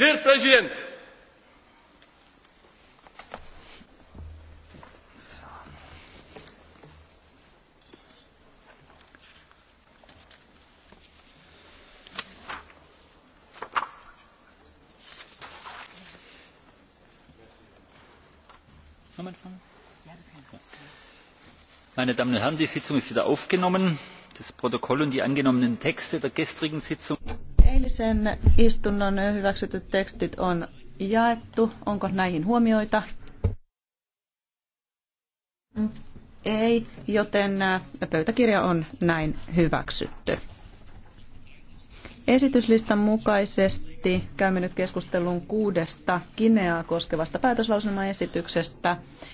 Dear President, meine damen und herren! die sitzung ist wieder aufgenommen. das protokoll und die angenommenen texte der gestrigen sitzung Eilisen istunnon hyväksytyt tekstit on jaettu. Onko näihin huomioita? Ei, joten pöytäkirja on näin hyväksytty. Esityslistan mukaisesti käymme nyt keskustelun kuudesta Kineaa koskevasta päätöslauselmaesityksestä.